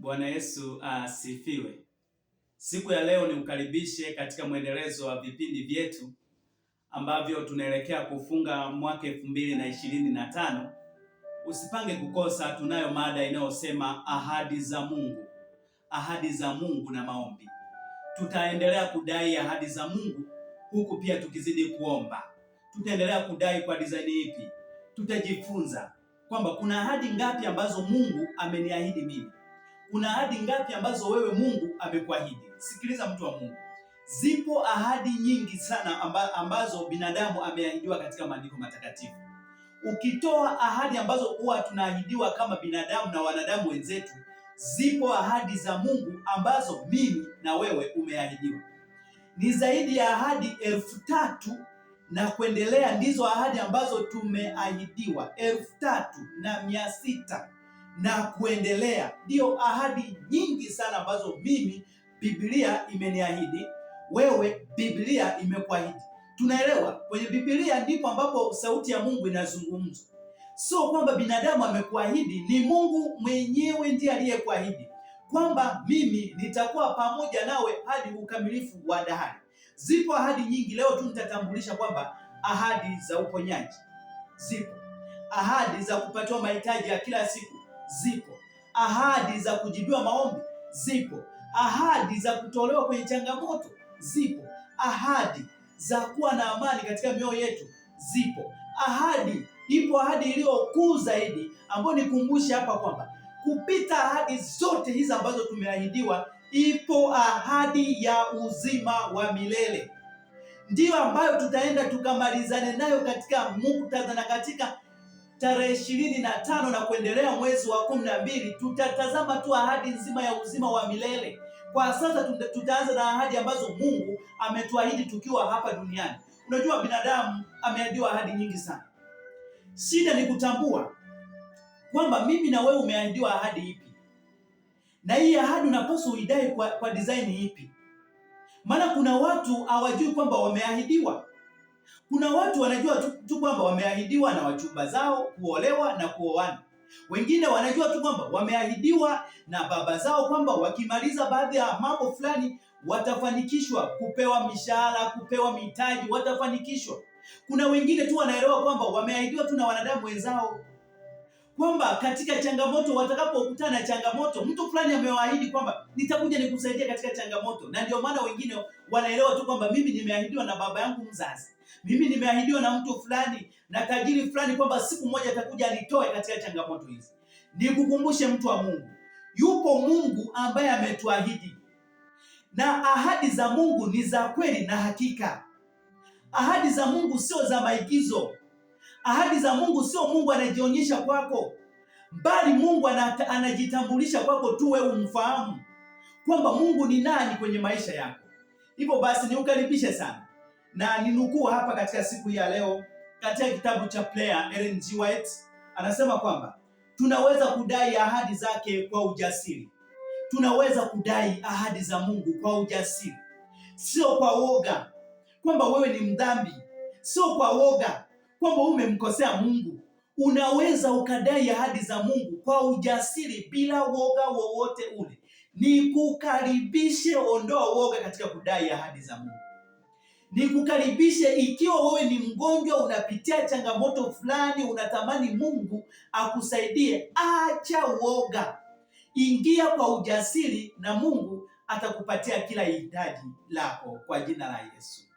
Bwana Yesu ah, asifiwe. Siku ya leo ni ukaribishe katika mwendelezo wa vipindi vyetu ambavyo tunaelekea kufunga mwaka elfu mbili na ishirini na tano. Usipange kukosa, tunayo mada inayosema ahadi za Mungu, ahadi za Mungu na maombi. Tutaendelea kudai ahadi za Mungu huku pia tukizidi kuomba. Tutaendelea kudai kwa dizaini ipi? Tutajifunza kwamba kuna ahadi ngapi ambazo Mungu ameniahidi mimi kuna ahadi ngapi ambazo wewe Mungu amekuahidi? Sikiliza mtu wa Mungu, zipo ahadi nyingi sana ambazo binadamu ameahidiwa katika maandiko matakatifu. Ukitoa ahadi ambazo huwa tunaahidiwa kama binadamu na wanadamu wenzetu, zipo ahadi za Mungu ambazo mimi na wewe umeahidiwa. Ni zaidi ya ahadi elfu tatu na kuendelea, ndizo ahadi ambazo tumeahidiwa, elfu tatu na mia sita na kuendelea. Ndiyo ahadi nyingi sana ambazo mimi Biblia imeniahidi, wewe Biblia imekuahidi. Tunaelewa, kwenye Biblia ndipo ambapo sauti ya Mungu inazungumza, sio kwamba binadamu amekuahidi. Ni Mungu mwenyewe ndiye aliyekuahidi kwamba mimi nitakuwa pamoja nawe hadi ukamilifu wa dahari. Zipo ahadi nyingi, leo tu nitatambulisha kwamba ahadi za uponyaji zipo, ahadi za kupatiwa mahitaji ya kila siku zipo, ahadi za kujibiwa maombi zipo, ahadi za kutolewa kwenye changamoto zipo, ahadi za kuwa na amani katika mioyo yetu zipo, ahadi ipo, ahadi iliyo kuu zaidi ambayo nikumbushe hapa kwamba kupita ahadi zote hizi ambazo tumeahidiwa, ipo ahadi ya uzima wa milele, ndiyo ambayo tutaenda tukamalizane nayo katika muktadha na katika tarehe ishirini na tano na kuendelea mwezi wa kumi na mbili tutatazama tu ahadi nzima ya uzima wa milele. Kwa sasa tutaanza na ahadi ambazo Mungu ametuahidi tukiwa hapa duniani. Unajua, binadamu ameahidiwa ahadi nyingi sana. Shida ni kutambua kwamba mimi na wewe umeahidiwa ahadi ipi, na hii ahadi unapaswa uidai kwa, kwa design ipi? Maana kuna watu hawajui kwamba wameahidiwa kuna watu wanajua tu kwamba wameahidiwa na wachumba zao kuolewa na kuoana. Wengine wanajua tu kwamba wameahidiwa na baba zao kwamba wakimaliza baadhi ya mambo fulani watafanikishwa kupewa mishahara, kupewa mitaji, watafanikishwa. Kuna wengine tu wanaelewa kwamba wameahidiwa tu na wanadamu wenzao kwamba katika changamoto, watakapokutana na changamoto, mtu fulani amewaahidi kwamba nitakuja nikusaidia katika changamoto, na ndio maana wengine wanaelewa tu kwamba mimi nimeahidiwa na baba yangu mzazi, mimi nimeahidiwa na mtu fulani na tajiri fulani kwamba siku moja atakuja anitoe katika changamoto hizi. Nikukumbushe mtu wa Mungu, yupo Mungu ambaye ametuahidi, na ahadi za Mungu ni za kweli na hakika. Ahadi za Mungu sio za maigizo. Ahadi za Mungu sio Mungu anajionyesha kwako, bali Mungu anajitambulisha kwako tu wewe umfahamu kwamba Mungu ni nani kwenye maisha yako. Hivyo basi niukaribishe sana na ninukuu hapa katika siku ya leo katika kitabu cha Prayer, Ellen G. White anasema kwamba tunaweza kudai ahadi zake kwa ujasiri. Tunaweza kudai ahadi za Mungu kwa ujasiri, sio kwa woga kwamba wewe ni mdhambi, sio kwa woga kwamba umemkosea Mungu, unaweza ukadai ahadi za Mungu kwa ujasiri bila woga wowote ule. Ni kukaribishe, ondoa woga katika kudai ahadi za Mungu. Ni kukaribishe ikiwa wewe ni mgonjwa, unapitia changamoto fulani, unatamani Mungu akusaidie, acha woga, ingia kwa ujasiri na Mungu atakupatia kila hitaji lako kwa jina la Yesu.